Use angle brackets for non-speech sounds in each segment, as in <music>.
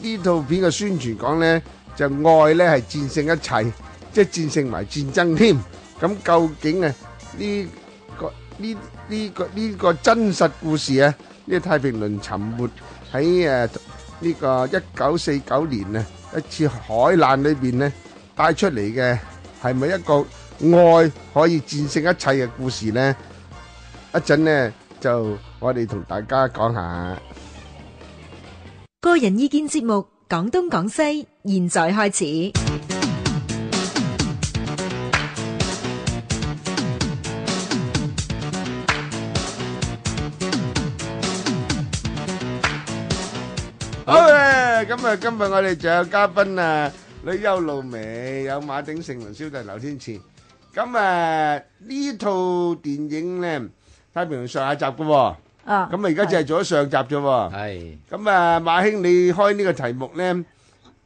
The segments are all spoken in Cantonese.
呢套片嘅宣傳講呢，就愛呢係戰勝一切，即係戰勝埋戰爭添。咁究竟啊呢個呢呢個呢個真實故事啊，呢個太平輪沉沒喺，誒呢個一九四九年啊一次海難裏邊呢帶出嚟，嘅係咪一個愛可以戰勝一切嘅故事呢？一陣呢就我哋同大家講下。個人意見節目，講東講西，現在開始。好嘅，咁啊，今日我哋仲有嘉賓啊，閭丘露薇有馬鼎盛、雲小弟劉天賜。咁啊，呢套電影咧，太平輪上下集噶。咁啊，而家淨係做咗上集啫，係。咁啊，馬兄，你開呢個題目咧？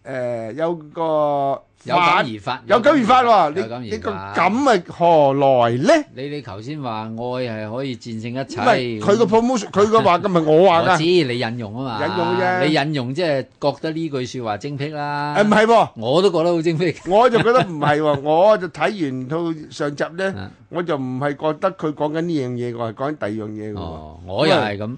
誒、呃、有個法有法而發，有感而發喎、呃，你你個感咪何來咧？你你頭先話愛係可以戰勝一切，佢個 promotion，佢個話唔係我話嘅。 <laughs> 我知你引用啊嘛，引用啫，你引用即係覺得呢句説話精辟啦。誒唔係喎，我都覺得好精辟。 <laughs> 我就覺得唔係喎，我就睇完套上集咧、啊哦，我就唔係覺得佢講緊呢樣嘢，我係講緊第二樣嘢嘅喎。我又係咁。